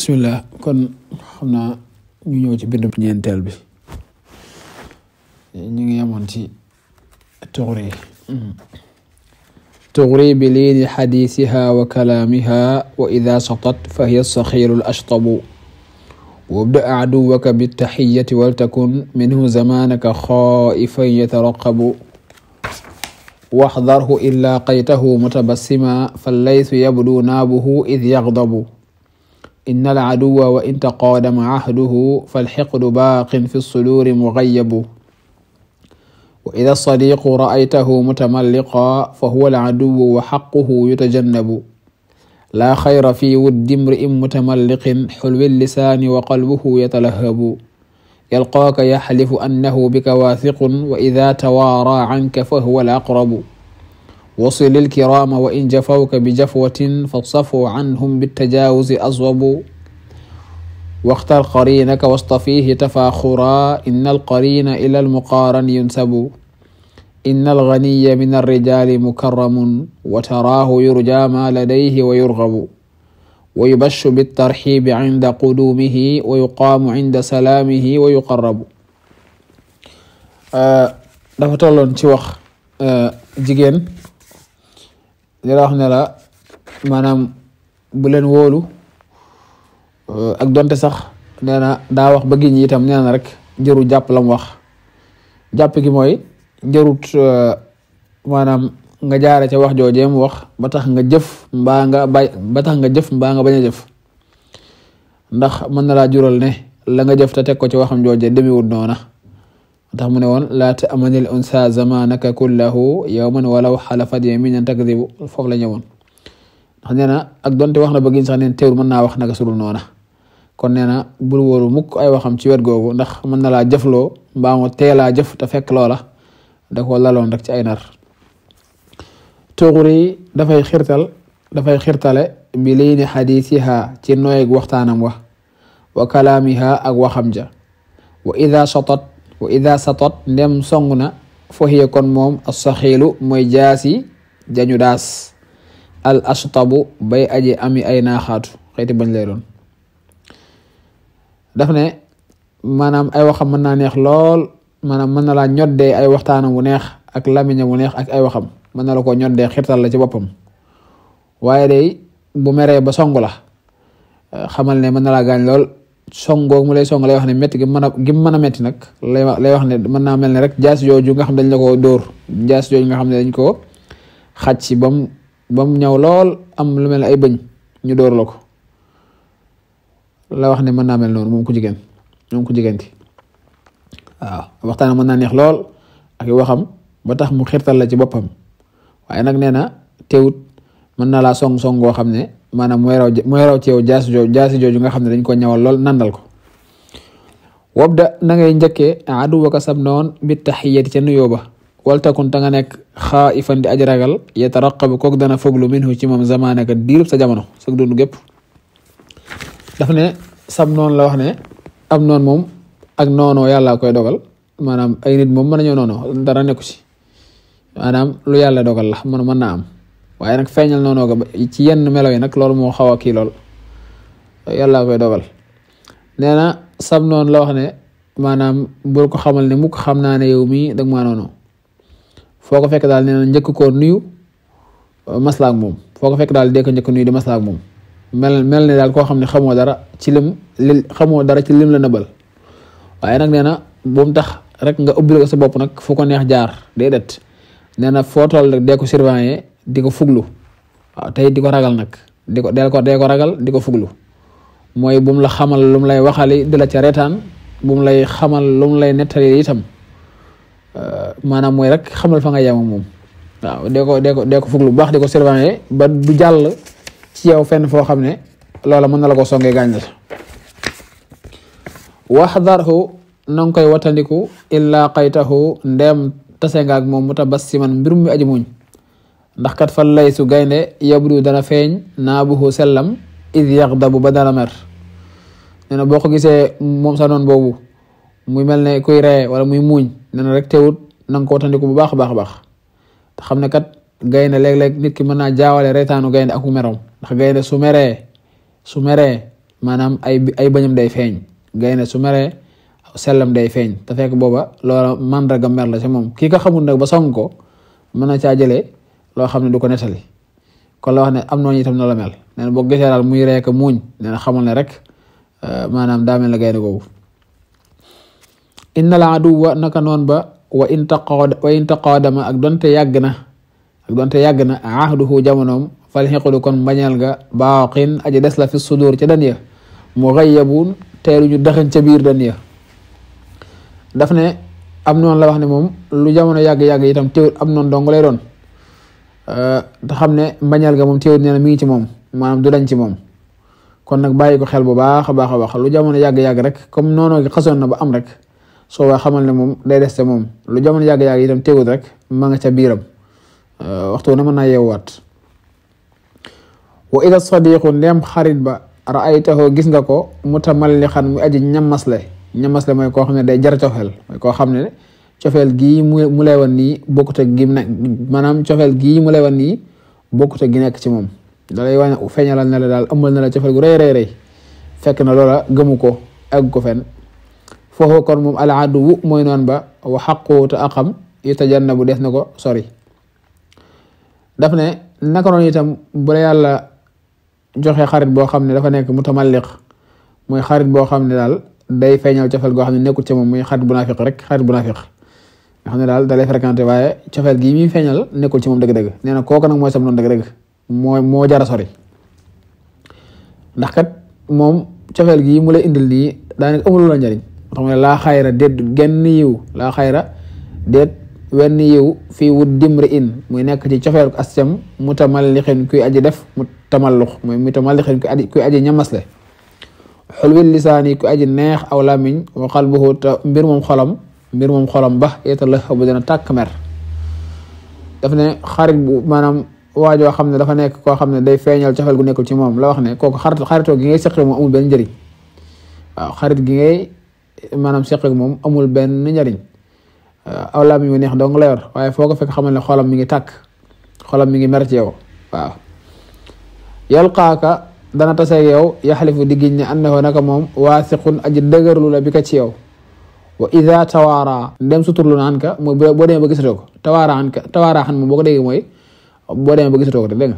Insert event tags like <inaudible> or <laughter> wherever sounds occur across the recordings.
bismillah kon xam naa ñu ñëw ci bindu ñeenteel bi ñu ngi yemoon ci tuxri tuxri bi liini xadiisiha wa kalaamiha wa ida satat fa hiya saxiiru l ashtabu wabda aduwaka bittaxiyati waltakun minhu zamanaka xaaifan yataraqabu waxdarhu illa qaytahu mutabassima fallaysu yabdu naabuhu id yaxdabu inna al aduwa wa in taqaadama ahduhu falxiqdu baaqin fi suluuri mugayabu wa ida sadiqu raaytahu mutamalliqa fa huwa al aduwu wa xaquhu yutajannabu laa xayra fi wuddi imri'in mutamalliqin xulwi lisaani wa qalbuhu yatalahabu yalqaaka yaxlifu annahu bika waathiqun wa ida tawaaraa canka fa huwa al aqrabu wasil ilkirama wa in jafawka bi jafwatin fasafu anhum bitajawuzi aswabu waxtar qarinaka wastafihi tafaxura inna alqarina ila almuqaaran yunsabu inna alganiya min alrijali mukaramun wa taraahu yurja ma ladayhi wa yurgabu wa yubashu biltarxibi cinda quduumihi wa yuqaamu cinda salaamihi wa yuqarabu dafa tolloon ci wax jigéen li la wax ne la maanaam bu leen wóolu euh, ak donte sax nee na daa wax ba giñ itam nee rek jëru jàpp la mu wax jàpp gi mooy jërut euh, maanaam nga jaare ca wax joojee mu wax ba tax nga jëf mbaa nga bay ba tax nga jëf mbaa nga bañ jëf ndax mën na laa jural ne la nga jëf ta teg ko ci waxam joojee demewut noona tax mu ne woon laa tamanil unsa zamanaka kullahu yawman walaw xalafat yaminan takdibu foofu la ñëwoon ndax nee na ak donte wax na ba giñ sax neen teewul mën naa wax naka surul noona kon nee na bul wóoru mukk ay waxam ci wet googu ndax mën na laa jëfloo mbaa mu teelaa jëf te fekk loola da ko laloon rek ci ay nar tuxuri dafay xirtal dafay xirtale bi liini xadiisiha ci nooyeg waxtaanam wa wa kalaamiha ak waxam ja wa ida satat wa ida satot ndem song na fahiya kon moom assaxiilu mooy jaasi jañu daas al ashtabu bay aji ami ay naaxaatu xeeti bañ lay doon daf ne maanaam ay waxam mën naa neex lool maanaam mën na laa ñoddee ay waxtaan wu neex ak lamiñam wu neex ak ay waxam mën na la ko ñoddee xirtal la ci boppam waaye day bu meree ba song la xamal ne mën gaañ lool songoog mu lay song lay wax ne métti gi mën a gi mën a métti nag lay lay wax ne mën na mel ne rek jaas jooju nga xam dañ la ko dóor jaas jooju nga ne dañ ko xaj si bam ba mu ñaw lool am lu mel ne ay bëñ ñu dóor la ko la wax ne mën naa mel noonu moom ku jigéen moom ku jigéen ki waaw waxtaan mën naa neex lool ak waxam ba tax mu xirtal la ci boppam waaye nag nee na teewut mën naa laa song song boo xam ne maanaam mooy raw mooy raw ci yow jaasi jooju nga xam ne dañ ko ñawal lool nandal ko wabda na ngay njëkkee aduwaka sab noon bi taxiyati ca nuyoo ba wal takun ta nga nekk xaaifan di aj ragal yataraqabu kook dana foglu minhu ci moom zamaanaka diirub sa jamono sag dund gépp daf ne sab noonu la wax ne am noon moom ak noono yàlla koy dogal maanaam ay moom mën nañoo noonoo dara nekku ci maanaam lu yàlla dogal la man mën naa am waaye nag feeñal noonu ga ci yenn melo yi nag loolu moo xaw a kii koy dogal nee na sab noonu la wax ne maanaam bul ko xamal ne mukk xam naa ne yow mii dag maa noonu foo ko fekk daal nee njëkk koo nuyu maslaak moom foo ko fekk daal dee ko njëkk nuyu di maslaak moom mel mel ne daal koo xam ne xamoo dara ci lim li xamoo dara ci lim la nëbal waaye nag nee na bu tax rek nga ubbil sa bopp nag foo ko neex jaar déedéet nee na foo toll rek dee ko surveiller di ko fuglu waaw tey di ko ragal nag di ko del ko ko ragal di ko fuglu mooy bu la xamal lum lay waxali dila la ca lay xamal lu lay nettali itam euh, maanaam mooy rek xamal fa nga yamu moom waaw dee ko dee ko dee ko fuglu bu baax di ko surveiller ba du jàll ci yow fenn foo xam ne loola mën na la ko songee gaañ la waxdarhu na nga koy watandiku illaa qaytahu ndeem tase nga ak moom mu tabassiman mbir mu aji muñ ndax kat fa su gaynde yabdu dana feeñ naabuhu sellam id dabu ba dana mer nee boo ko gisee moom sa noon boobu muy mel ne kuy ree wala muy muuñ nee na rek teewut nang nga ko watandiku bu baax a baax a baax xam ne kat gaynde léeg-léeg nit ki mën naa jaawale reetaanu gaynde ak merom ndax gaynde su meree su meree maanaam ay ay bañam day feeñ gaynde su meree sellam day feeñ te fekk booba loola mandraga mer la ci moom kii ko xamul nag ba song ko mën na caa jëlee loo xam ne du ko nettali kon la wax ne am noonu itam na la mel boo gisee muy rek muuñ nee na ne rek euh, maanaam daa mel ne gaynde googu inna la aduwa naka noon ba wa in taqaad wa in ak donte yàgg na ak donte yàgg na ahduhu jamonoom fal xiqulu kon mbañeel nga baaqin aji des la fi sudur ca dan ya mu xayyabun teeruñu daxañ ca biir dan ya daf ne am noon la wax ne moom lu jamono yàgg-yàgg itam teewul am noonu lay doon Euh, te xam ne mbañal ga moom teewut nee na mi ngi ci moom maanaam du dañ ci moom kon nag bàyyi ko xel bu baax a baax a baax lu jamono yàgg-yàgg rek comme noonu gi xasoon na ba am rek soo waa xamal ne moom day des te moom lu jamono yàgg-yàgg itam teewut rek ma nga ca biiram euh, waxtu na mën naa yeewaat wa ida sadiqu ndeem xarit ba raaytahu gis nga ko mu ne mutamalliqan mu aji ñamasle ñamasle mooy koo xam ne day jar cofeel mooy koo xam ne cofeel gii mu mu lay wan nii bokkut ak gi mu nekk maanaam cofeel gii mu lay wan nii bokkut ak gi nekk ci moom da lay wan feeñalal na la daal ëmbal na la cofeel gu rëy rëy rëy fekk na loola gëmu ko egg ko fenn foofu kon moom al aduwu mooy noon ba wa xaqu te aqam yutajannabu des na ko sori daf ne naka noonu itam bu la yàlla joxe xarit boo xam ne dafa nekk mutamalliq mooy xarit boo xam ne daal day feeñal cofeel goo xam ne nekkul ci moom muy xarit bu naafiq rek xarit bu naafiq xam ne daal da lay fréquenté waaye cofeel gi muy feeñal nekkul ci moom dëgg-dëgg nee na kooku mooy sam noonu dëgg moo moo jar a sori ndax kat moom cofeel gii mu lay indil nii daanaka amul la njariñ xam ne laa xayra déet genn yiw laa xayra déet wenn yiw fii wut dimri in muy nekk ci cofeel astem mu tamallixin kuy aji def mu tamallux muy mu tamallixin kuy aji kuy aji ñamasle xulwil kuy aji neex aw lamiñ wa qalbuhu te mbir moom xolam mbir moom xolam ba yetalaxabu dina tàkk mer daf ne xarit bu maanaam waajoo xam ne dafa nekk koo xam ne day feeñal cofeel gu nekkul ci moom la wax ne kooku xarit xaritoo gi ngay seqe moom amul benn njëriñ xarit gi ngay maanaam seqe moom amul benn njariñ a laa mi mu neex dong la waaye foo ko fekk xamal ne xolam mi ngi tàkk xolam mi ngi mer ci yow waaw yalqaaka dana taseeg yow yaxlifu diggiñ ne annahu naka moom waasiqun aji dëgërlu la bi ka ci yow wa ida tawaara ndem suturlu naan ka mooy boo demee ba gisatoo ko tawaara an ka tawaara xan moom boo ko déggee mooy boo demee ba gisatoo ko te dégg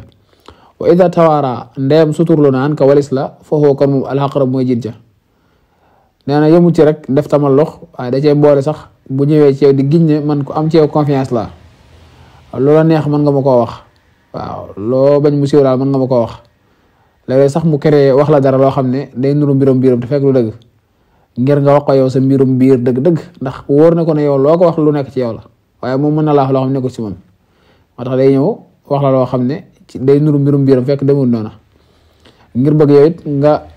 wa ida tawaara ndem suturlu naan ka walis la foofu kon moom alxaqrab mooy jiit ja nee na yëmu ci rek def tama lox waaye da cee boole sax bu ñëwee ci di giñ ne man ko am ci yow confiance la loola neex mën nga ma ko wax waaw loo bañ mu siiw daal mën nga ma ko wax léeg sax mu créé wax la dara loo xam ne day nuru mbiram mbiram te fekk lu ngir nga wax ko yow sa mbirum biir dëgg-dëgg ndax wóor na ko ne yow loo ko wax lu nekk ci yow la waaye moom mën na laa loo xam ne ko ci moom moo tax day ñëw wax la loo xam ne ci day nuru mbirum biiram fekk demul noona bëgg yow it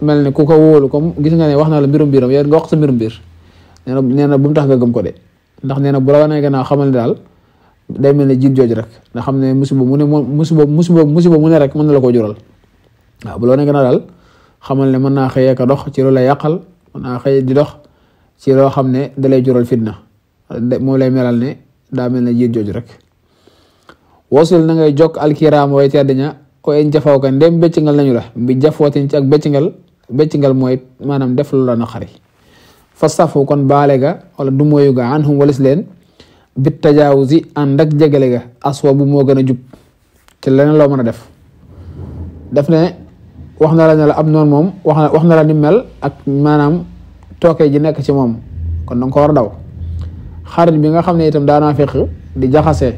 mel ne ku ko wóolu comme gis nga ne wax na la mbirum biiram yow nga sa mbirum biir nee na nee bu mu tax nga ko de ndax nee na bu la wanee gannaaw xamal ne daal day mel ne jiit jooju rek nga xam ne musiba mu ne musiba musiba musiba mu ne rek mën na la ko jural waaw bu la wanee gannaaw daal xamal ne mën naa xëyee ka dox ci lu la yàqal mën naa xëy di dox ci loo xam ne dalay jural fitna moo lay melal ne daa mel na jiit jooju rek wasul na ngay jokk alkiraam way tedd ña ko en jafaw ka ndem nañu la bi jafootin ci ak bëccingal bëccingal mooy maanaam def lu la naqari fa safu kon baale ga wala du mooyu ga an hum leen bit tajaawuzi ànd ak jegale ga aswa bu moo gën a jub ci leneen loo mën a def def ne wax na la ne la ab noonu moom wax na wax na la ni mel ak maanaam tooke ji nekk ci moom kon danga ko war a daw xarit bi nga xam ne itam daanaa fekk di jaxase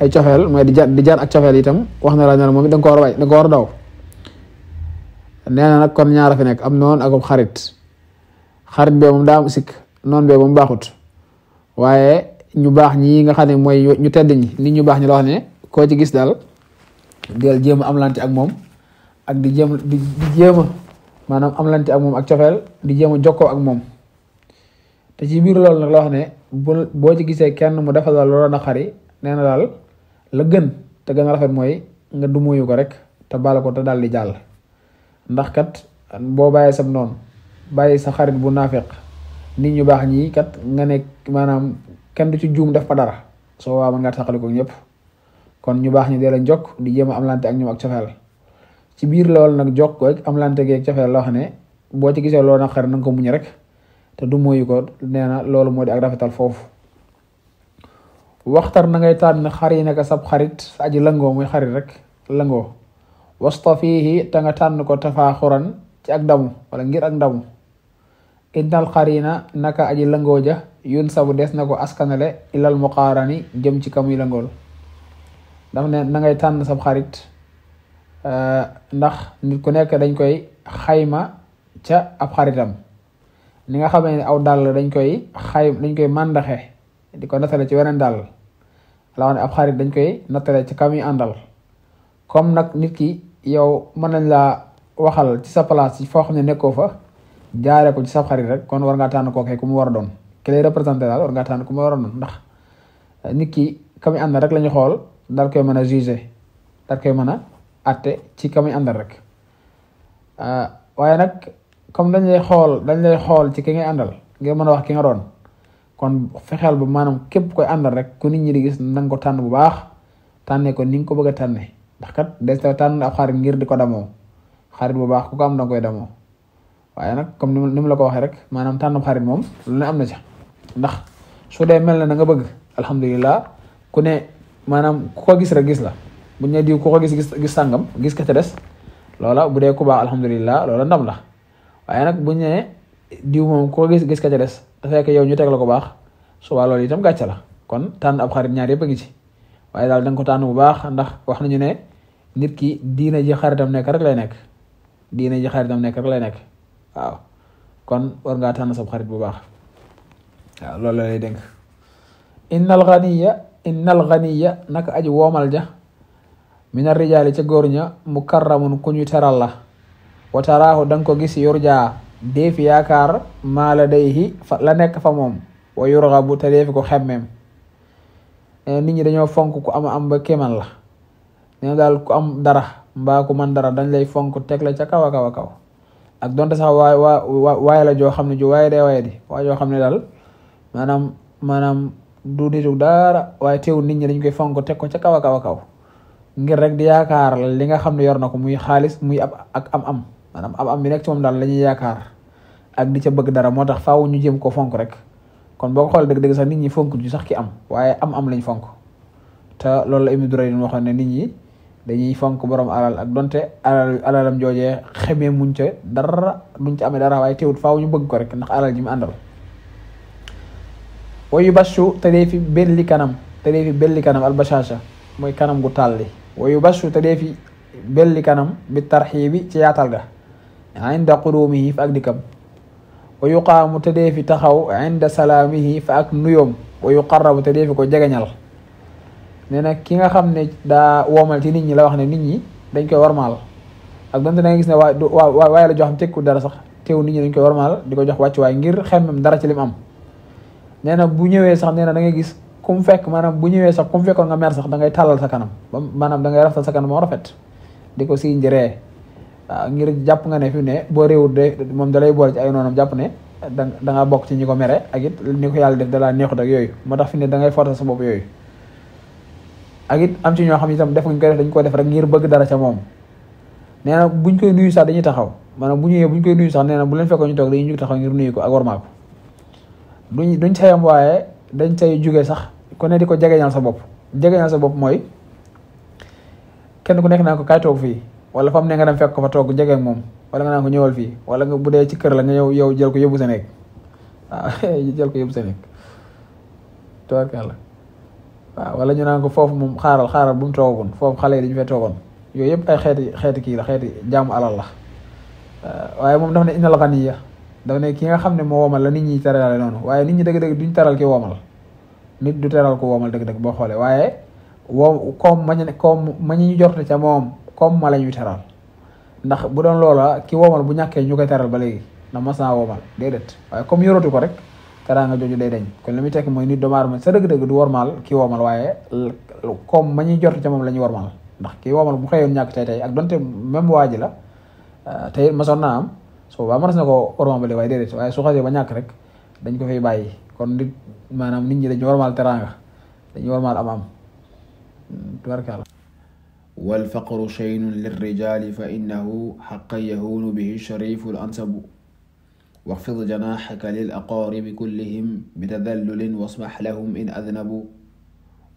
ay cofeel mooy di jar di jar ak cofeel itam wax na la ne moom it danga ko war a way danga ko war a daw nee na nag kon ñaara fi nekk am noon ak xarit xarit bee moom daa am sikk noonu bee moom baaxut waaye ñu baax ñi nga xam ne mooy ñu tedd ñi nit ñu baax ñi la wax ne koo ci gis daal del jéem a amlante ak moom ak di jéem di jéem a maanaam amlante ak moom ak cofeel di jéem a jokkoo ak moom te ci biir loolu na la wax ne bu boo ci gisee kenn mu defal la loola na xari nee na daal la gën te gën a rafet mooy nga du muyu ko rek te bala ko te daal di jàll ndax kat boo bàyyee sam noonu bàyyi sa xarit bu naafeq nit ñu baax ñii kat nga ne maanaam kenn du ci juum def fa dara soo waa mën ngaa taxali ko ñëpp kon ñu baax ñi dee la jokk di jéem am amlante ak ñoom ak cofeel ci biir loolu nag jokkoo ak am lante geeg cofeel loo xam ne boo ci gisee loolu nag xar na nga ko muñ rek te du mooyu ko nee na loolu moo di ak rafetal foofu waxtar na ngay na xar yi naka sab xarit sa aji langoo muy xarit rek langoo wastafihi te nga tànn ko tafaaxuran ci ak damu wala ngir ak damu innal xarina naka aji langoo ja yun sabu des na ko askanale ilal muqaarani jëm ci kamuy langool daf ne na ngay tànn sab xarit Euh, ndax nit ku nekk dañ koy xayma ca ab xaritam ni nga xam ne aw dàll dañ koy xay dañ koy màndaxe di ko nattale ci weneen dàll la wax ne ab xarit dañ koy nattale ci kam àndal comme nag nit ki yow mën nañ laa waxal ci sa place foo xam ne nekkoo fa jaaree ko ci sa xarit rek kon war ngaa tànn ko ku mu war a doon ki lay représenté daal war ngaa tànn ku war doon ndax euh, nit ki kam yi àndal rek lañu xool dal koy mën a jugé daal koy mën a atte ci ka muy àndal rek ah, waaye nag comme dañ lay xool dañ lay xool ci ki ngay àndal nga mën a wax ki nga doon kon fexeel ba maanaam képp koy àndal rek ku nit ñi di gis na nga ko tànn bu baax tànnee ko ni nga ko bëgg a tànne ndax kat des tànn ab xarit ngir di ko damoo xarit bu baax ku ko am da koy damoo waaye nag comme ni mu la ko waxee rek maanaam tànn xarit moom lu ne am na ca ndax su dee mel na na nga bëgg alhamdulilah ku ne maanaam ku ko gis rek gis la. bu ñu diw ku ko gis gis gis sàngam gis ka ca des loola bu dee ku baax alhamdulilah loola ndam la waaye nag bu ñu diw moom ku ko gis gis ka ca des te fekk yow ñu teg la ko baax suba loolu itam gàcce la kon tànn ab xarit ñaar yëpp a ngi waaye daal da ko tànn bu baax ndax wax nañu ne nit ki diina ji xaritam nekk rek lay nekk diina ji xaritam nekk nekk waaw kon war ngaa tànn sab xarit bu baax waaw loolu la lay dénk innal ganiya innal ganiya naka aji woomal ja mina rijaali ca góor ña mukarramun ku ñu teral la wa taraahu danga ko gis yurja deef yaakaar maa day dayhi fa la nekk fa moom wa yurgabu te deef ko xemmeem eh, nit ñi dañoo fonk ku am am ba kéman la nee daal ku am dara mbaa man dara dañ lay fonk teg la ca kaw a kaw a kaw ak donte sax waay waa waay la joo xam ne ju waaye dee waaye di waa joo xam ne daal maanaam maanaam du nitu dara waaye teewul nit ñi dañ koy fonk teg ko ca kaw a kaw a kaw ngir rek di yaakaar li nga xam ne yor na ko muy xaalis muy ab ak am-am maanaam am-am bi nekk ci moom daal la ñuy yaakaar ak di ca bëgg dara moo tax faaw ñu jéem ko fonk rek kon boo ko xoolee dëgg-dëgg sax nit ñi fonk ju sax ki am waaye am-am lañ fonk te loolu la Ibnu Durayd waxoon ne nit ñi dañuy fonk borom alal ak donte alal alalam joojee xemee muñ ca dara duñ ca amee dara waaye teewut faaw ñu bëgg ko rek ndax alal ji mu àndal wayu bashu te dee fi belli kanam te dee belli kanam albashasha mooy kanam gu tàlli wa yubashu te dee fi belli kanam bi tarxiibi ci yaatal ga inda qudumihi fa ak dikkam yu yuqaamu te dee fi taxaw inda salaamihi fa ak nuyoom wa yuqarrabu te dee ko jegeñal nee na ki nga xam ne daa woomal ci nit ñi la wax ne nit ñi dañ koy war warmaal ak donte da nga gis ne waa waa waaye la jox am tekku dara sax teew nit ñi dañ koy war warmaal di ko jox wàccuwaay ngir xemmem dara ci lim am nee na bu ñëwee sax na da nga gis ku mu fekk maanaam bu ñëwee sax ku mu fekkoon nga mer sax da ngay tàllal sa kanam ba maanaam da ngay rafet di ko si njëree waaw ngir jàpp nga ne fi ne boo réewut de moom da lay boole ci ay noonam ne da da bokk ci ñi ko ak it ni ko yàlla def da laa neexut ak yooyu moo tax fi ne da ngay forcer sa bopp yooyu ak it am ci ñoo xam ne itam def nga koy dañ ko def rek ngir bëgg dara ca moom nee na buñ koy nuyu sax dañuy taxaw maanaam bu ñëwee buñ koy nuyu sax nee na bu leen fekkoon ñu toog dañuy jóg taxaw ngir nuyu ko ak warmaa ko duñ duñ waaye dañ say jóge sax ku ne di ko jegeñal sa bopp jegeñal sa bopp mooy kenn ku nekk naa ko kaay toog fii wala fam ne nga dem fekk ko fa toog jege moom wala nga naa ko ñëwal fii wala nga bu dee ci kër la nga yow yow jël ko yóbbu sa néeg waaw <laughs> jël ko yóbbu sa néeg tubaarkàlla waaw wala ñu naan ko foofu moom xaaral xaaral bu mu toogoon foofu xale yi dañu fee toogoon yooyu yëpp ay xeeti xeeti kii xeeti jaamu alal la waaye moom daf ne inna la xaniya dafa ne ki nga xam ne moo womal la nit ñi terale noonu waaye nit ñi dëgg-dëgg duñ teral ki womal nit du teral ko womal dëgg-dëgg boo xoolee waaye woo koom mañu koom mañu ñu jorte ca moom koom ma la ñuy ndax bu doon loola ki womal bu ñàkkee ñu koy teral ba léegi na masaa womal déedéet waaye comme yoratu ko rek teraanga jooju day dañ kon li muy tekk mooy nit doomu aadama sa dëgg-dëgg du wormaal ki womal waaye koom ma ñuy jorte ca moom lañuy ñuy wormaal ndax ki womal bu xëyoon ñàkk tey tey ak donte même waa ji la euh, tey masoon naa am su boobaa maras na ko ormambale waaye déedéet waaye su xasee ba ñàkk rek dañ ko fay bàyyi kon nit maanaam nit ñi dañu warmaal teraanga dañu warmaal am am tubarkàlla wal faqru cheynun lirrijali fa innahu xaqan yahuunu bihi sharifu l ansabu waxfid janaxaka lil aqaribi kullihim bitadallulin wasmax lahum in adnabu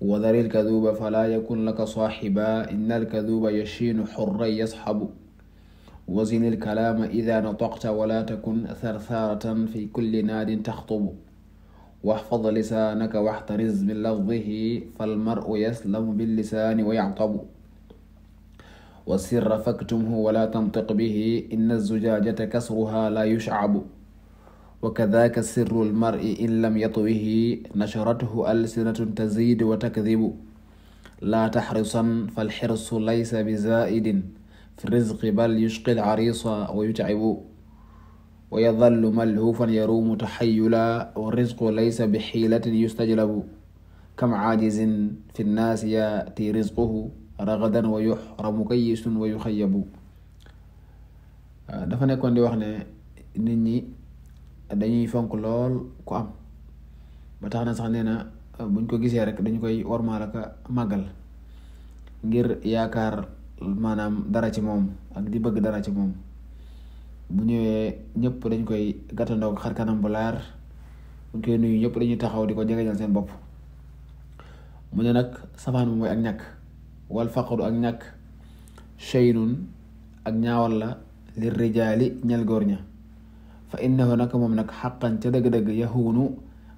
wadari lkaduuba falaa yakun laka saaxiba in alkaduuba yashiinu xurran yasxabu wasin ilkalaama ida nataqta wala takun thartharatan fi kulli naadin taxtubu waxfad lisaanaka waxtariz min lafdihi falmaru yaslamu billisaani wa yactabu wasirra faktumhu wala tantiq bihi in azzujaajata kasruha laa yushcabu wa kadaaka sirru lmari in lam yatwihi nasharathu alsinatun taziid wa takdibu laa taxrisan falxirsu laysa bizaa'idin في الرزق بل يشقي العريص ويتعب ويظل ملهوفا يروم تحيلا والرزق ليس بحيلة يستجلب كم عاجز في الناس يأتي رزقه رغدا ويحرم كيس ويخيب dafa nekkoon di wax ne nit ñi dañuy fonk lool ku am ba tax na sax nee na buñ ko gisee rek dañu koy wormaal ak màggal ngir yaakaar maanaam dara ci moom ak di bëgg dara ci moom bu ñëwee ñëpp dañ koy gàttandoo xar kanam bu laar buñ koy nuyu ñëpp dañuy taxaw di ko jegeñal seen bopp mu ne nag safaan bi mooy ak ñàkk wal faqru ak ñàkk cheynun ak ñaawal la li rijaali ñel ña fa innahu nag moom nag xaqan ca dëgg-dëgg yahuunu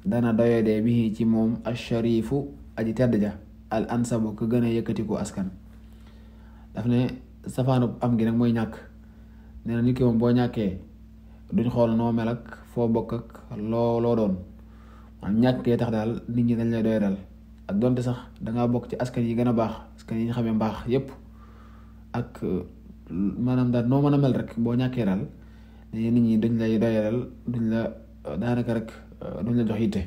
dana doyodee bi ci moom asharifu aji tedd ja al ansabu ku gën yëkkatiku askan daf ne safaanu am gi nag mooy ñàkk nee na nit moom boo ñàkkee duñ xool noo mel ak foo bokk ak loo doon man ñàkkee tax daal nit ñi dañ lay doy ak donte sax danga bokk ci askan yi gën a baax askan yi ñu xamee mbaax yépp ak euh, maanaam daal noo mën a mel rek boo ñàkkee daal nit ñi duñ lay doyalal duñ la euh, daanaka rek euh, duñ la jox yitte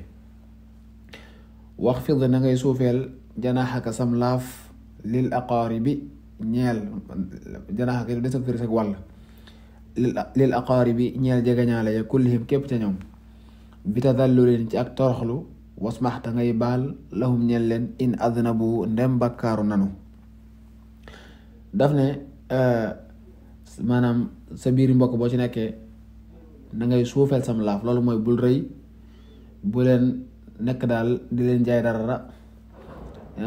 wax fi na ngay suufeel janaaxaka sam laaf lil aqaaribi ñeel janaaxa kay def sa firis ak wàll lil aqaaribi ñeel jegeñaale ya kullihim képp ca ñoom bi tadallulin ci ak toroxlu wasmaxta ngay baal lahum ñeel leen in adnabu ndem bakkaaru nanu daf ne euh, maanaam sa biir mbokk boo ci nekkee da ngay suufeel sam laaf loolu mooy bul rëy bu leen nekk daal di leen jaay dara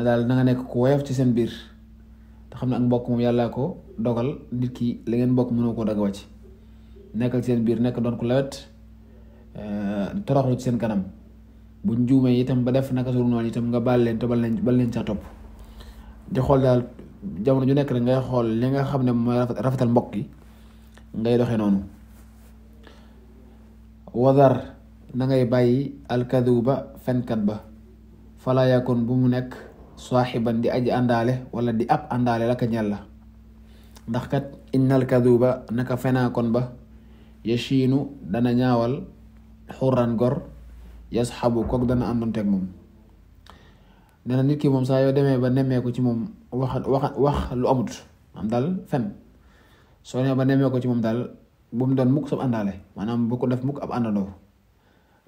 daal na nga nekk ku woyof ci seen biir xam ne ak mbokk moom yàlla ko dogal nit ki la ngeen mbokk mënoo koo dagg wàcc nekkal seen biir nekk doon ko lawet euh, toroxlu ci seen kanam buñ juumee itam ba def naka suur noonu itam nga baal leen te bal leen bal leen ca topp di xool daal jamono ju nekk rek ngay xool li nga xam ne mooy rafetal mbokk yi ngay doxe noonu wadar na ngay bàyyi alkaduba fenkat ba falaa bu mu nekk saaxiban di aji àndaale wala di ab àndaale la ka ñel la ndax kat innal kaduba naka fenaakon ba yashiinu dana ñaawal xurran gor xabu kook dana àndanteeg moom nee na ki moom saa yoo demee ba nemmeeku ci moom wax wax lu amut am daal ba nemmee ci moom daal bu doon mukk sab àndaale maanaam def muk ab àndandoo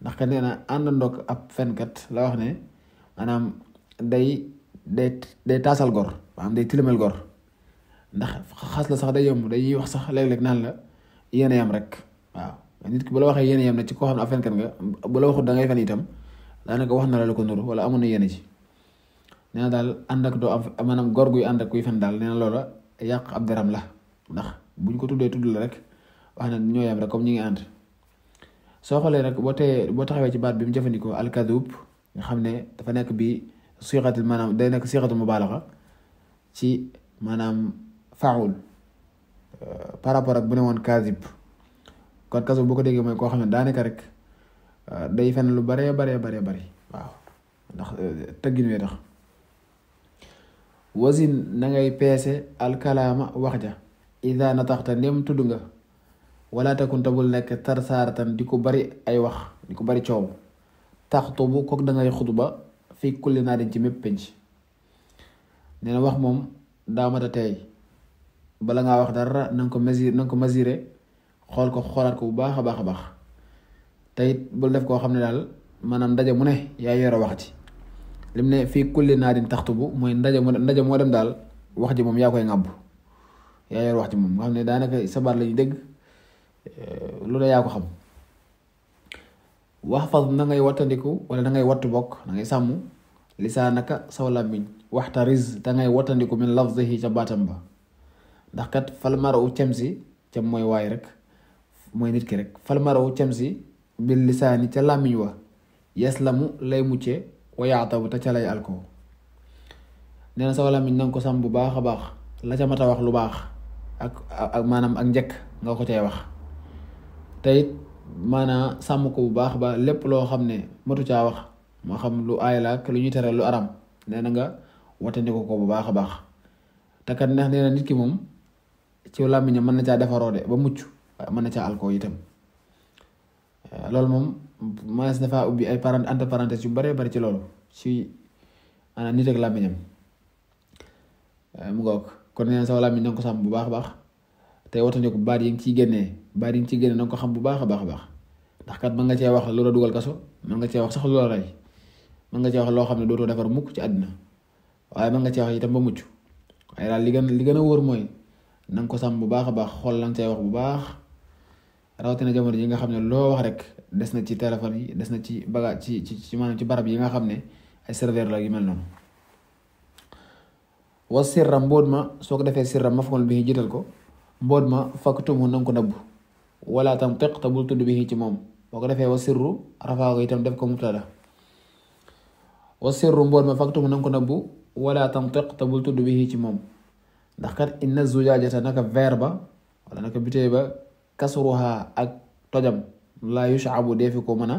ndax kat nee na ab fenkat la wax ne maanaam day day day taasal gor maanaam day tilimal gor ndax xas la sax day yomb dañuy wax sax léeg-léeg naan la yéen a yam rek waaw nit ki bu waxee yéen yam na ci koo xam ne ab fenkat nga bu la waxut da ngay daanaka wax na la ko nuru wala amoon na yéen ci daal ànd ak doo am maanaam gor guy ànd kuy fen daal nee na loola yàq ab deram la ndax buñ ko tuddee tudd la rek wax na ñoo yam rek comme ñi ngi ànd soo xoolee rek boo boo taxawee ci baat bi mu jëfandikoo alkadub nga xam ne dafa nekk bii siixatul maanaam day nekk siixatul mubaalaxa ci maanaam faawul euh, par rapport ak bu ne woon kaasib kon kaso boo ko déggee mooy koo xam ne daanaka rek euh, day fen lu baree baree baree bari waaw ndax euh, tëggin wee tax wasin peese alkalaama wax ja ida nataxta ndem tudd nga wala takun tabul nekk tar saaratan di ko bari ay wax di ko bari coow kook da xutba fii kulli naa dañ ci mépp penc nee wax moom daa mat bala ngaa wax dara na ko mesure na ko mesuré xool ko xoolaat ko bu baax a baax a baax te it bul def koo xam ne daal maanaam ndaje mu ne yaa yore wax ci lim ne fii kulli naa din taxtu bu mooy ndaje mu ndaje moo dem daal wax ji moom yaa koy ŋàbb yaa yor wax ji moom nga xam ne daanaka sabar la ñu dégg lu ne yaa ko xam. waxfad na ngay wattandiku wala da ngay wattu bokk da ngay sàmm lisaanaka saw làmmiñ waxtariz da ngay wattandiku min lafzihi ca baatam ba ndax kat falmarawu cem si cem mooy rek mooy nit ki rek falmarawu cem si bil lisaani ca làmmiñ wa yaslamu lay mucce wa yaatabu te ca lay alko nee na saw làmmiñ nanga ko sàmm bu baax a baax la ca mat a wax lu baax ak ak maanaam ak njëkk nga ko cay wax te maanaam sàmm ko bu baax baax lépp loo xam ne matu caa wax moo xam lu aay la ak lu ñuy tere lu aram nee na nga watandiku ko bu baax a baax te neex nee na nit ki moom ci làmmiñam mën na caa defaroo de ba mucc waaye mën na caa alkoo itam eh, loolu moom manees na faa ubbi ay parent entre yu bare bari ci loolu ci maanaam nit ak làmmiñam eh, mu sa làmmiñ na ko sàmm bu baax a baax te watandi ko baat yi nga ciy génnee baat yi nga ciy génnee na nga ko bu baax a baax a baax ndax kat mën nga cee wax lu la dugal kaso mën nga cee wax sax lu la rey mën nga cee wax loo xam ne dootoo defar mukk ci àddina waaye mën nga cee wax itam ba mucc waaye daal li gën li gën a wóor mooy nanga ko sam bu baax a baax xool la nga wax bu baax rawatina jamono yi nga xam ne loo wax rek des na ci téléphone yi des na ci baga ci ci maanaam ci barab yi nga xam ne ay serveur la yu mel noonu. wa sirram mbóot ma soo ko defee sirram maful bi jiital ko. mboot ma faktumu na nga ko nëbb wala tam teq te bul tudd bi ci moom boo ko defee wa sirru rafaa ko itam def ko mubtada wa sirru mboot ma faktumu na nga ko nëbb wala tam teq te bul tudd bi ci moom ndax kat inna zujaajata naka verre ba wala naka butée ba kasruha ak tojam laa yushaabu deefi ko mën a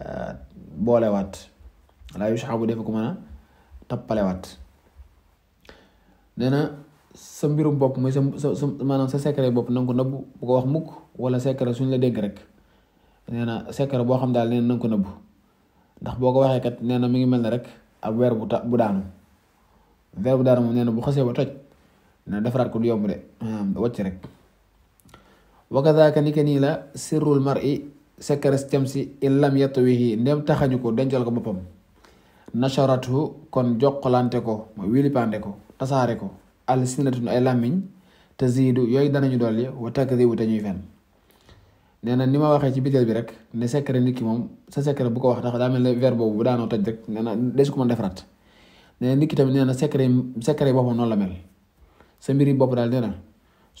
eh, boolewaat laa yushaabu deefi ko mën a tappalewaat nee na sa mbirum bopp mooy sa sa sa maanaam sa secret bopp na nga ko nëbbu bu ko wax mukk wala secret suñ la dégg rek nee na secret boo xam daal nee na nga ko nëbbu ndax boo ko waxee kat nee na mi ngi mel na rek ab weer bu ta bu daanu weer bu daanu moom nee na bu xasee ba toj na defaraat ko du yomb de wàcc rek. wa ni ke nii la sirrul mar'i secret cam si in lam wi ndem taxañu ko dencal ko boppam nasharatu kon jokkalante ko ma wilipande ko tasaare ko. alsinatun ay làmmiñ te ziidu yooyu danañu dool dolli wa takdibu te ñuy fen nee na ni ma waxee ci biteel bi rek ne secret nit ki moom sa secret bu ko wax ndax daa mel ne verbe boobu daanoo toj rek nee na desu ko mën defaraat nee na nit tamit nee na secret secret boppam noonu la mel sa mbiri bopp daal nee na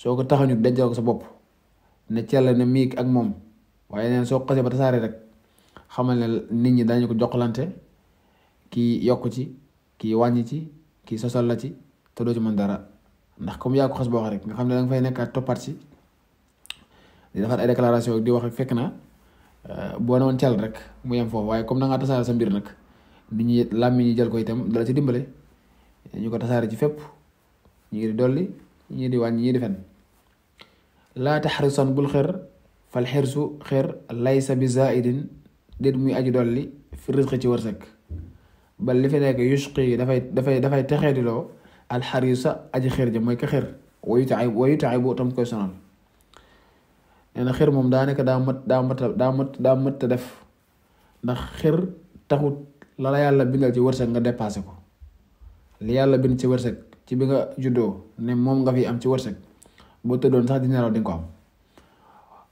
soo ko taxañu sa bopp ne cell ne miig ak moom waaye neen soo xasee ba tasaaree rek xamal ne nit ñi dañu ko joxlante kii yokk ci ki wàññi ci kii sosal la ci te doo ci mën dara ndax comme yaa ko xas boo wax rek nga xam ne da nga fay toppaat si di defar déclaration di wax fekk na euh, boo ne woon cal rek mu yem foofu waaye comme da ngaa sa mbir nag nit ñi làmmi ñi jël ko itam dala ci dimbale ñu ko tasaare ci fépp ñi di dolli ñi di wàññi ñi di fen laa taxrisan bul xër fal xirsu xër laysa bi zaidin déet muy aji dolli fi risqi ci wërsëg bal li fi nekk yushqi dafay dafay dafay texeediloo alxarisa aji xeer ja mooy ka xeer wayuta ay wayuta ay boo tam koy sonal nee na xeer moom daa nekk daa mat daa mat daa matt daa mat def ndax xeer taxut lala la yàlla bindal ci wërsëg nga dépassé ko li yàlla bind ci wërsëg ci bi nga juddoo ne moom nga fi am ci wërsëg boo tëddoon sax di nelaw di ko am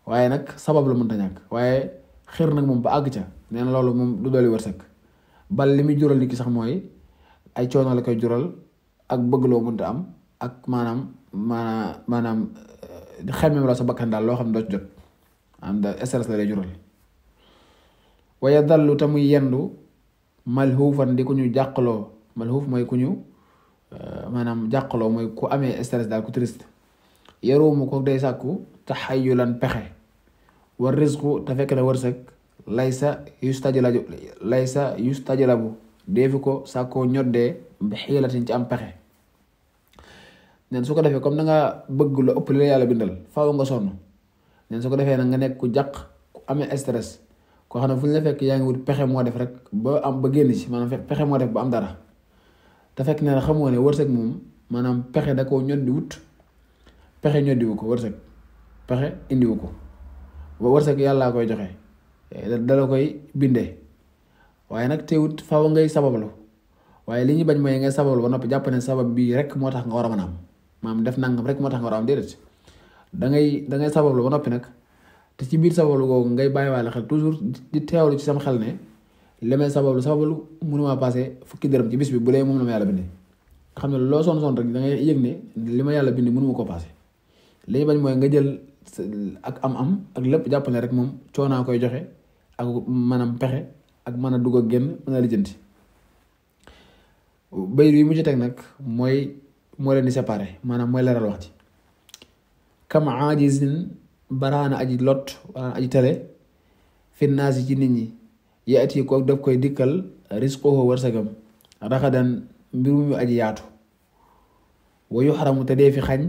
waaye nag sabab la mënta ñàkk waaye xeer nag moom ba àgg ca nee na loolu moom du dolli wërsëg bal li muy jural nit ki sax mooy ay coono la koy jural. ak bëgg loo mënta am ak maanaam maanaam maanaam eh, xemmem la sa bakkan daal loo xam doo ci jot am da stress la lay jural waaye dallu te muy yendu malhuufan di ñu jàqaloo malhuuf mooy ku ñu eh, maanaam jàqaloo mooy ku amee stress daal ku triste yarumu ko day sàkku taxayulan pexe war risqu te fekk na wërsëg laysa yustajlabu laysa yustajlabu deefi ko sàkkoo ñoddee bi xiilatin ci am pexe neen su ko defee comme da nga bëgg lu ëpp li yàlla bindal faaw nga sonn neen su ko defee nag nga nekk ku jàq ku amee stress koo xam ne fu ñu la fekk yaa ngi wut pexe moo def rek ba am ba génn ci maanaam pexe moo def ba am dara te fekk ne xamoo ne wërsëg moom maanaam pexe da koo ñoddi wut pexe ñoddiwu ko wërsëg pexe indiwu ko ba wërsëg yàllaa koy joxe eh, dala koy bindee waaye nag teewut faaw ngay sabablu waaye li ñu bañ mooy ngay sabablu ba noppi jàpp ne sabab bii rek moo tax nga war a mën a am maam def nangam rek moo tax nga war a am déedéet da ngay da ngay sabablu ba noppi nag te ci biir sabablu googu ngay bàyyiwaale xel toujours di teewlu ci sama xel ne li may sabablu sabablu mënuma passé fukki dërëm ci bi bu dee moom la ma yàlla bindee nga xam ne loo son son rek da ngay li ma yàlla bindee mënuma ko passé li bañ mooy nga jël ak am-am ak lépp jàpp ne rek moom coonaa koy joxe ak maanaam pexe ak mën a dugg a génn mën a lijjanti bayit bi mu ci teg nag mooy moo leen di séparé maanaam mooy leeral wax ci kam aajizin baraana aji lot baraana aji tale fi naasi ñi yaati ko koy dikkal risquhu wërsëgam raxadan mbirum yu aji yaatu wayu xaramu te dee fi xañ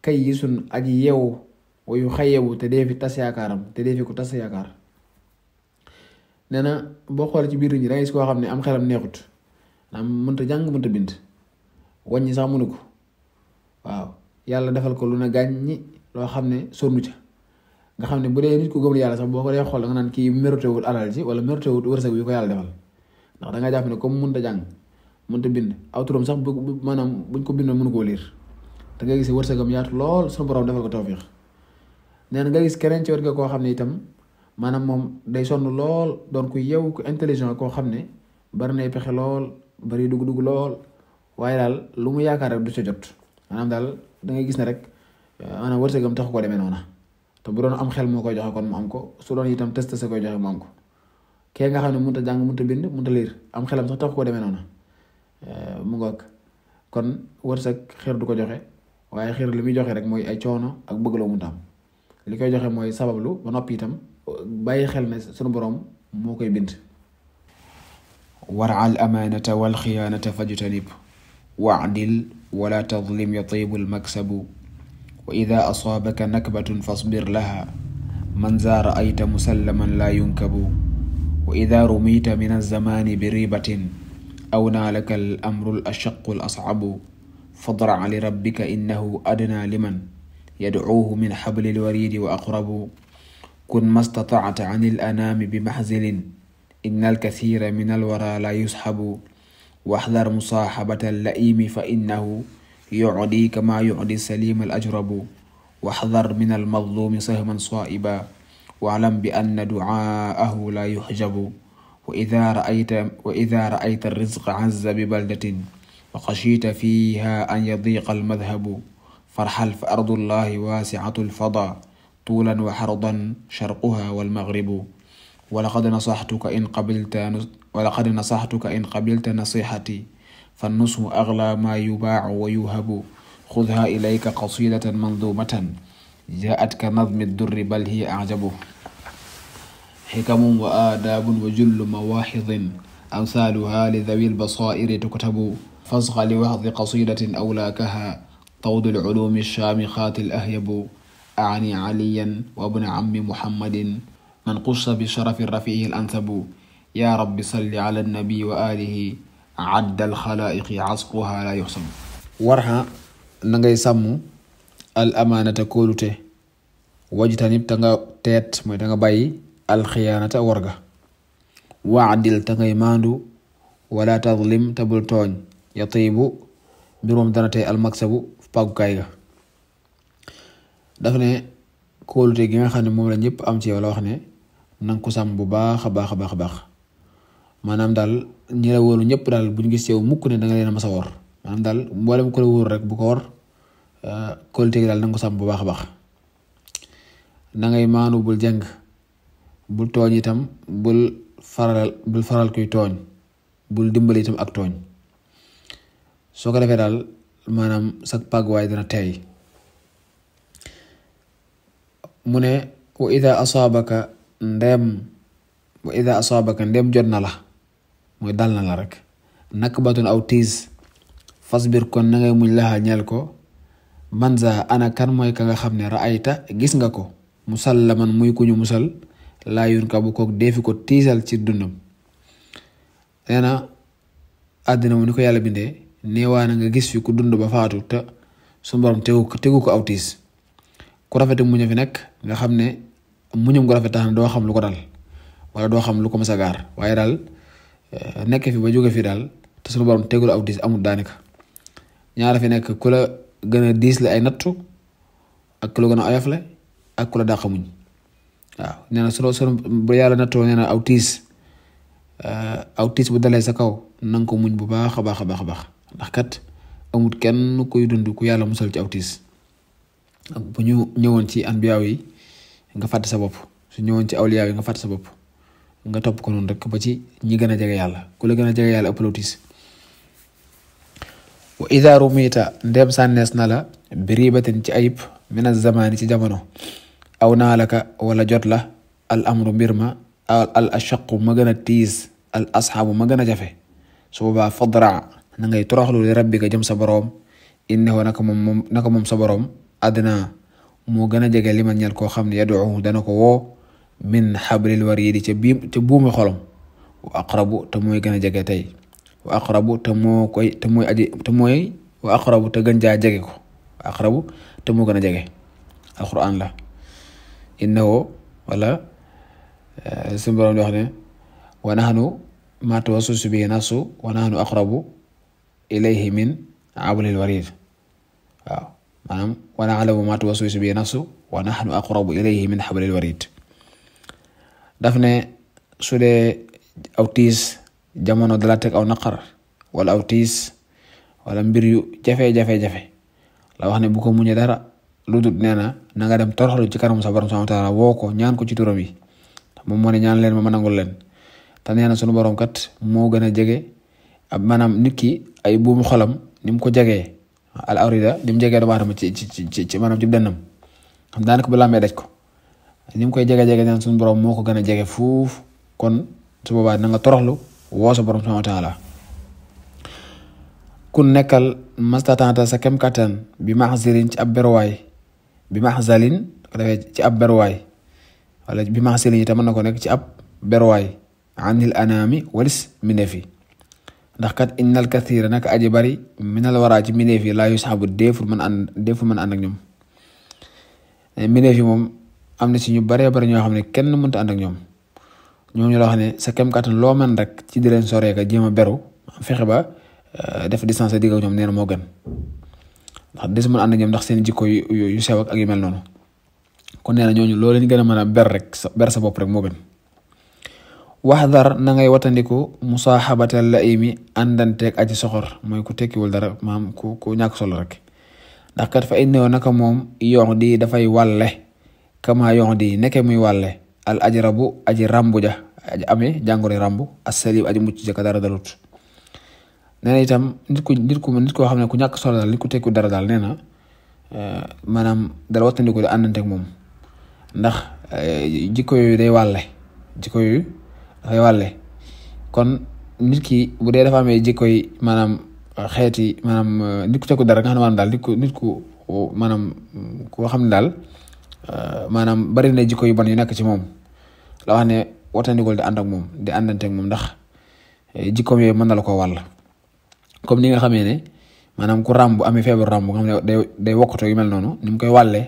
kay yi sun aji yeewu wayu xayewu te dee fi tas yaakaaram te dee fi ko na boo ci biir ñi da ngay koo xam ne am xelam neexut maanaam mënta jàng mënta bind wàññi sax mënu ko waaw yàlla defal ko lu ne gàññi loo xam ne sonnu ca nga xam ne bu dee nit ku gëmul yàlla sax boo ko dee xool da nga naan kii méritewut alal ji wala méritewut wërsëg yu ko yàlla defal ndax da nga jàpp ne comme mënta jàng mënta bind aw turam sax bu maanaam buñ ko bindoon mënu koo liir te nga gis wërsëgam yaatu lool suñu borom defal ko tawfiix nee na nga gis keneen ci wet ga koo xam ne itam maanaam moom day sonn lool doon ku yew ku intelligent koo xam ne bari nay pexe lool bari dugg-dugg lool waaye daal lu mu yaakaar rek du ca jot maanaam daal da ngay gis ne rek euh, maanaam wërsëgam taxu ko demee noona te bu doon am xel moo koy joxe kon mu am ko su doon itam test sa koy joxe mu am ko kee nga xam ne mënut a jàng mënut a bind mënut liir am xelam sax taxu ko demee noona euh, mu ngoog kon wërsëg xeer du ko joxe waaye xeer lu muy joxe rek mooy ay coono ak bëgg loo mënta am li koy joxe mooy sabablu ba noppi itam euh, bàyyi xel ne sunu borom moo koy bind warcal amaanata wal xiyaanata fajtanib wacdil wala tadlim yatibu almaksabu wa ida asaabaka nakbatun fasbir laha man zaa raayta musallaman laa yunkabu wa ida rumita min alzamaani biribatin aw naalaka al amru al ashaqu al ascabu fadrac li rabbika innahu adnaa liman yadcuuhu min xabli alwaridi wa aqrabu kun ma statacta an al anaami bi maxzilin إن الكثير من الورى لا يسحب واحذر مصاحبة اللئيم فإنه يعدي كما يعدي السليم الأجرب واحذر من المظلوم سهما صائبا واعلم بأن دعاءه لا يحجب وإذا رأيت وإذا رأيت الرزق عز ببلدة وخشيت فيها أن يضيق المذهب فارحل فأرض الله واسعة الفضا طولا وحرضا شرقها والمغرب walaqad nasaxtuka in qabilta walaqad nasaxtuka in qabilta nasixati fa nusu agla maa yubaacu wa yuhabu xudha ilayka qasidatan mandumatan jaatka nadmi durri bal hiya ajabu xikamun wa aadaabun wa jullu mawaaxidin amsaaluha li dawi lbasaa'iri tuktabu fasqa li waxdi qasidatin awlaakaha tawdu lculuumi shaamixaati lahyabu acni caliyan wa bna cammi muhammadin man xussa bi sharafi rafiihi al ansabu yaa rabbi salli ala nabi wa alihi adda alxalaaiqi asquha la yuxsabu warxa na ngay sàmm al amaanata kóolute wajtanib ta nga teet mooy ta nga bàyyi alxiyaanata warga waadil ta ngay maandu wala tadlim ta bul tooñ mbir moom dana tey almaksabu pàggukaay ga daf ne kóolute gi nga xam ne moom la ñëpp am ci yow wax ne na nga ko sàmm bu baax a baax a baax a baax maanaam daal ñi la ñëpp daal bu ñu gis yow mukk ne da nga leen a mas a wor maanaam daal mboolem ko la wóor rek bu ko wor eh, kóolute gi daal na nga bu baax a baax na ngay maanu bul jàng bul tooñ itam bul faral bul faral kuy tooñ bul dimbali itam ak tooñ soo ko defee daal maanaam sag pàgguwaay dina teey mu ne wa ida asaabaka ndem wa ida asaabaka ndem jot na la mooy dal na la rek nakbatun aw tiis fasbir kon na ngay muñ laxa ñeel ko man za ana kan mooy ka nga xam ne raayta gis nga ko la man muy kuñu musal laa yun ka bu koog deefi ko tiisal ci dundam nee na àddina mu ni ko yàlla bindee neewaana nga gis fi ku dund ba faatu te su borom tegu aw tiis ku rafete muñu fi nekk nga xam ne muñum gu rafet tax na doo xam lu ko dal wala doo xam lu ko mës a gaar waaye daal eh, nekk fi ba jóge fi daal te suñu borom tegul aw diis amul daanaka ñaara fi nekk ku la diis la ay nattu ak ku la gën ak ku la dàq muñ waaw nee bu yàlla nattoo nee na aw tiis eh, aw tiis bu dalee sa kaw na ko muñ bu baax a baax a baax a baax ndax kat amul kenn kuy dund ku yàlla musal ci aw tiis bu ñu ñëwoon ci anbiyaaw yi nga fàtte sa bopp su ñëwoon ci awliyaa yi nga fàtte sa bopp nga topp ko noonu rek ba ci ñi gën a jege yàlla ku la gën a jege yàlla ëpp loo tiis wa ida rumita ndem sànnees na la biribatin ci ayib min azamaani ci jamono aw naa la ka wala jot la al amru mbir ma al ashaqu ma gën a tiis al asxaabu ma gën a jafe su boobaa fadra na ngay toroxlu li rabbika jëm sa boroom innahu naka moom naka moom sa boroom adnaa moo gën a jege liman ñel koo xam ne yaduuhu dana ko woo min xabril waridi ca biim ca buumi xolom wa aqrabu te mooy gën a jege tey wa aqrabu te moo gën jaa jege ko wa gën a jege alquran la innahu wala eh, suñu borom ne wa nahnu ma tawassusu bi nafsu ilayhi min ablil warid waaw wanaclamu ma tuwaswisu bi nafsu wa naxnu aqrabu ilayhi min xablil warid daf ne su dee aw tiis jamono dala teg aw naqar wala aw tiis wala mbir yu jafe-jafe-jafe la wax ne bu ko muñe dara lu dul nee na na nga dem toroxlu ci kanam sa borom subhanahu wa taala woo ko ñaan ko ci turam yi moom moo ne ñaan leen ma ma nangul leen te nee na sunu borom kat moo gën a jege ab maanaam nit ki ay buumu xolam ni ko jegee al awrida ni mu jegee doomu aadama ci ci ci ci maanaam ci dënnam daanaka bu làmbee daj ko ni mu koy jege jege naan suñu borom moo ko gën a jege fuuf kon su boobaa nanga nga toroxlu woo sa borom subhaanahu wa taala kun nekkal mastatanta sa kem kattan bi maxsirin ci ab beruwaay bi maxsalin ko ci ab beruwaay wala bi maxsilin itam mën na ko nekk ci ab beruwaay anil anaami walis minefi ndax kat innal kathira nag aji bari minal waraa ci mineef yi laa yusaxabu deeful mën ànd deeful mën ànd ñoom eh, mineef yi moom am na si ñu baree bari ñoo xam ne kenn mënut ànd ak ñoom ñooñu la wax ne sa kem loo mën rek ci di leen soree ka jéem a beru fexe ba eh, def distance digg ak ñoom nee moo gën ndax des mën ànd ak ñoom ndax seen jikko yu yu ak yu mel noonu kon nee ñooñu loo leen gën a mën a ber rek sa ber sa bopp rek moo gën. wax dara na ngay watandiku musaaxabatal la imi àndanteeg aj soxor mooy ku tekkiwul dara maam ku ku ñàkk solo rek ndax kat fa inneew naka moom yox di dafay walle kama yox di nekke muy wàlle al aji rabu aj ràmbu ja aji amee jàngoro ràmbu asaliib aji mucc ja dara dalut nee na itam nit ku nit koo xam ne ku ñàkk solo daal nit ku tekki dara daal na eh, maanaam dara wattandiku di moom ndax eh, jikko yooyu day wàlle jikko yooyu dafay wàlle kon nit ki bu dee dafa amee jikko yi maanaam xeeti maanaam euh, nit ku tekku dara nga xam ne maanaam daal nit ku nit ku maanaam koo xam ne daal euh, maanaam bari na jikko yu bon yu nekk ci moom la wax ne watandigol de ànd moom di àndante ak moom ndax eh, jikkoom yooyu mën na la koo comme ni nga xamee ne maanaam ku ràmb amee feebaru ràmb nga xam ne day day yu mel noonu ni mu koy wàllee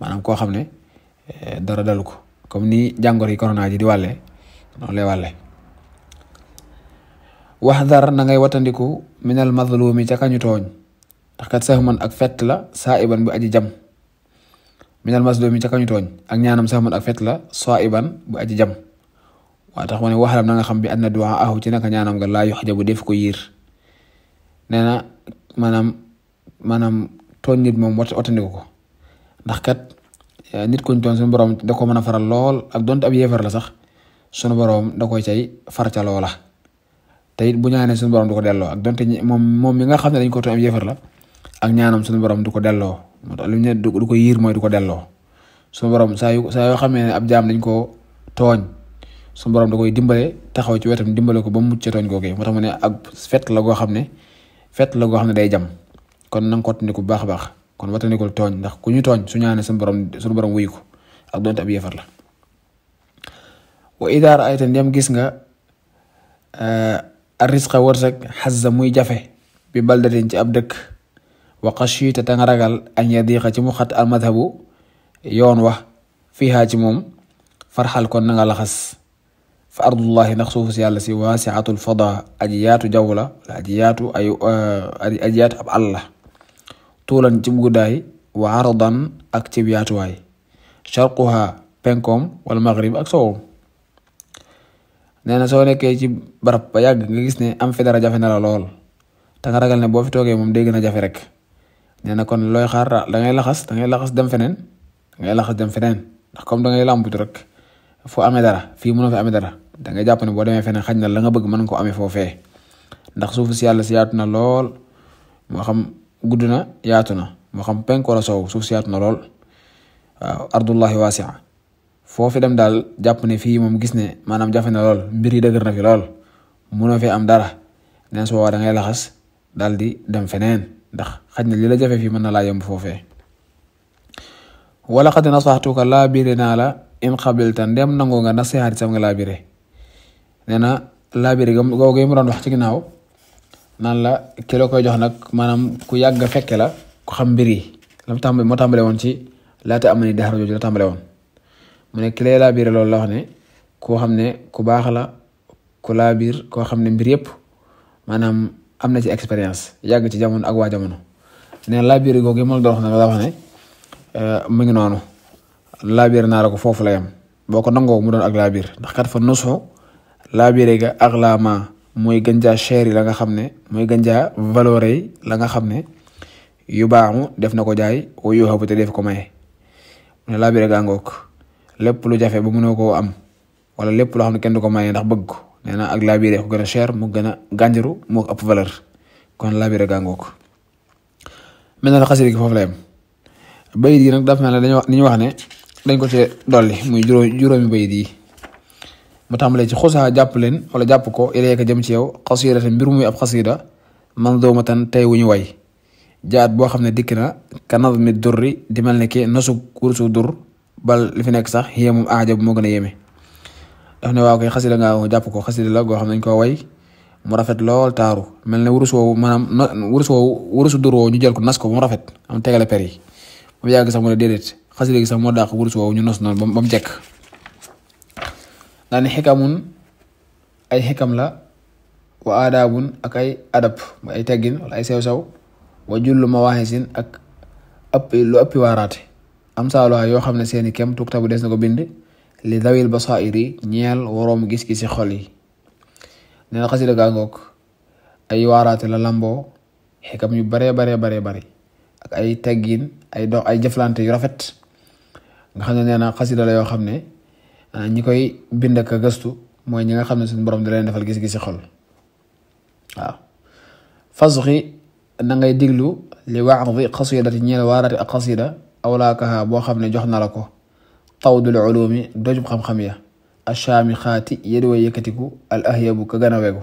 maanaam koo xam ne eh, dara dalu ko comme ni jàngoro yi corona ji di wàllee noonu lay wàlle waxdar na ngay watandiku minal mazlumi ca kañu tooñ ndax kat sahman ak fett la saa iban bu aji jam minal mazlumi ca kañu tooñ ak ñaanam sahman ak fett la saa iban bu aji jam waa tax mu ne waxalam na nga xam bi ànd na duwaa ahu ci naka ñaanam ga laa yox jabu def ko yiir nee na maanaam maanaam tooñ nit moom watandiku ko ndax kat eh, nit kuñ tooñ suñu borom da ko mën a faral lool ak dont am yéefar la sax sunu borom da koy cay far ca loola te it bu ñaanee sunu borom du ko delloo ak donte moom moom mi nga xam ne dañ ko tooñ am la ak ñaanam sunu borom du ko delloo moo tax lu ñu ne du ko yiir mooy du ko delloo sunu borom saa saa yoo xam ne ab jaam dañ koo tooñ sunu borom da koy dimbale taxaw ci wetam dimbale ko ba mu mucc ca tooñ googee moo tax mu ne ak fet la goo xam ne fet la goo xam ne day jam kon na nga ko wattandiku bu baax baax kon wattandikul tooñ ndax ku ñu tooñ su ñaanee sunu borom sunu borom wuyu ko ak donte ab yëfar la. wa idaa raayta ndem gis nga eh, arrisqa wërsëg xazza muy jafe bi baldatin ci ab dëkk wa xashita ta nga ragal an ci mu xat almadhabu yoon wax fiihaa ci moom farxal kon nanga laxas fa ardullahi ndax suufu si yàlla si waasiatul fada aji yaatu jaww la yaatu ay eh, aji yaatu ab la tuulan ci guddaay wa ardan ak ci yaatuwaay sharquha penkoom wala maghrib ak sowom nee na soo nekkee ci barab ba yàgg nga gis ne am fi dara jafe na la lool te nga ragal ne boo fi toogee moom day a jafe rek nee na kon looy xaar da laxas da ngay laxas dem feneen da ngay dem feneen ndax comme da ngay làmbut rek fu amee dara fii mënoo fi amee dara da ngay jàpp ne boo demee feneen xaj na la nga bëgg mën ko amee foofee ndax suufu si yàlla si yaatu na lool moo xam gudd na yaatu na moo xam penk wala soow suuf si na lool waaw ardullahi waasia foofi dem daal jàpp ne fii moom gis ne maanaam jafe na lool mbir yi dëgër na fi lool munoo fi am dara neen su boobaa da ngay laxas daal di dem feneen ndax xaj na li la jafe fii mën na laa yomb foofee wala xad nasaxtuka laa bire naa la in xabilta ndem nangoo nga nasixaati sam nga laa bire nee na laa bire googu mu doon wax ci ginnaaw naan la ki la koy jox nag maanaam ku yàgg fekke la ku xam mbir yi lam tàmbale moo tàmbale woon ci laata am na ni dexar jooju la tàmbale woon mu ne ki lay laabiire loolu la wax ne koo xam ne ku baax la ku laabiir koo xam ne mbir yëpp maanaam am na ci expérience yàgg ci jamono ak waa jamono nee laabiir googu moom la wax ne la wax ne mu noonu laabiir naa la ko foofu la yam boo ko nangoo mu doon ak laabiir ndax kat fa nusu labir ga ak laama mooy gàncax cher yi la nga xam ne muy gàncax valeur yi la nga xam ne yu baaxu def na ko jaay wala yoo xam te def ko maye mu ne laabiire gaa ngoog lépp lu jafe ba mënoo ko am wala lépp loo xam ne kenn du ko may ndax bëgg ko nee na ak labiré ko gën a cher mu gën a gànjaru moo ëpp valeur kon labiré gàngoo ko mel na la xasida la yem bayit yi nag dafa mel ne dañu wax ni wax ne dañ ko cee dolli muy juróomi juróomi bayit yi mu tàmbalee ci xusaa jàpp leen wala jàpp ko ilayka jëm ci yow xasida te mbir muy ab xasida man doomatan tey wu ñu way jaat boo xam ne dikk na mi durri di mel ne ki nasug kursu dur bal li fi nekk sax yéen moom aajabu moo gën a yéeme daf ne waaw koy xasida nga jàpp ko xasida la goo xam nañ ko way mu rafet lool taaru mel ne wurus woowu maanaam wurus woowu wurusu dur woowu ñu jël ko nas ko ba rafet am tegale per yi mu yàgg sax mu ne déedéet xasida gi sax moo dàq wurus woowu ñu nos noonu ba mu jekk daani xikamun ay xikam la wa aadaabun ak ay adab ay teggin wala ay sew-sew wa jullu mawaaxisin ak ëpp lu ëppi waaraate am saalo yoo xam ne seeni kem bu des na ko bind li dawil basairi ñeel waroom gis-gisi xol yi nee na xasida gaa ngoog ay waaraate la lambo xikam yu baree baree baree bari ak ay teggin ay dox ay jëflante yu rafet nga xam ne nee na xasida la yoo xam ne ah, ñi koy bind ak gëstu mooy ñi nga xam ne suñu borom da leen defal gis-gisi xol waaw fasxi na ngay diglu li waxdi xasidati ñeel waaraate ak xasida awlaakaha boo xam ne jox na la ko tawdul ulumi dojub xam-xam ya ashaami xaati yedi way yëkkatiku al ahyabu ka gën a wegu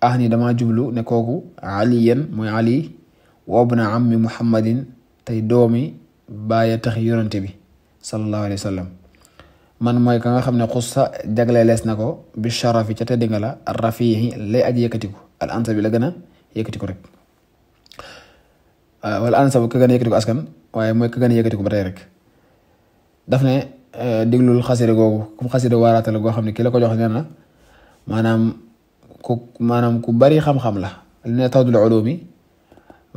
ah dama jublu ne kooku aliyan mooy ali wa ibna ammi muhammadin tey doomi bàyya taxi yonante bi sallallahu alayhi man mooy ka nga xam ne xussa jagle lees na ko bi sharafi ca teddi nga la lay aji yëkkatiku al ansa bi la gën a yëkkatiku rek Euh, wala ansab ka gën a yëkkati ko askan waaye mooy ka gën a ko ba tey rek daf ne euh, déglul xasida googu kum xasida waaraatale goo xam ne kila ko jox nee ku maanaam ku bari xam la li ne tawdul ulumi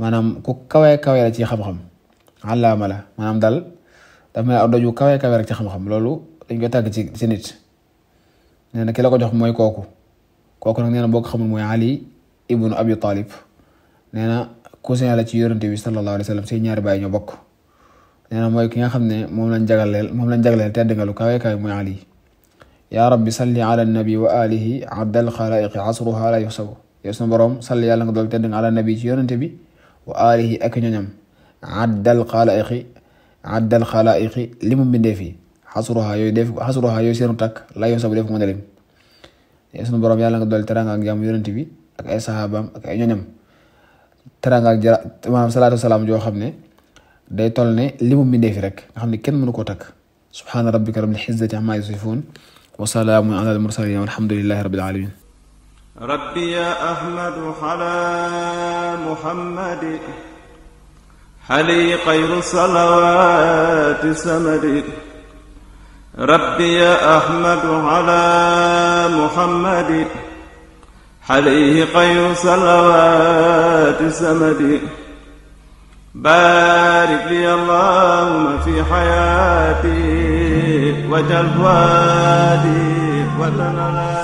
maanaam ku kawe kawe ci xam-xam la maanaam daal daf mel aw doju ci xam loolu dañ koy tàgg ci ci nit nee ki ko jox mooy kooku kooku nag nee na boo ko xamul mooy Ali ibnu Abi Talib nee cousin la ci yorante bi sallallahu alayhi wa sallam seen ñaari baay ñoo bokk nee mooy ki nga xam ne moom lañ jagleel moom lañ jagleel tedd nga lu kawe kawe muy Ali yaa rabbi salli ala nabi wa alihi abdal xalaiqi asruha la yuxsabu yow sunu borom salli yàlla nga dool tedd nga ala ci yorante bi wa alihi ak ñoñam abdal xalaiqi abdal xalaiqi li mu mbindee fii xasruha yooyu def xasruha yooyu seenu takk la yuxsabu def ko mën a lim yow sunu borom yàlla nga dool teranga ak jàmm yorante bi ak ay sahabaam ak ay ñoñam teranga ak jara maanaam salaatu salaam joo xam ne day toll ne limu nga xam ne kenn mënu koo takk subhaana rabbika rabbil izzati ammaa yasifuun wa salaamun ala al mursaliin walhamdulillahi alamin rabbi ya hali xayru salawaati samadi rabbi ya ahmadu ala عليه خير صلوات السمد بارك لي اللهم في حياتي وجل فؤادي وتنالي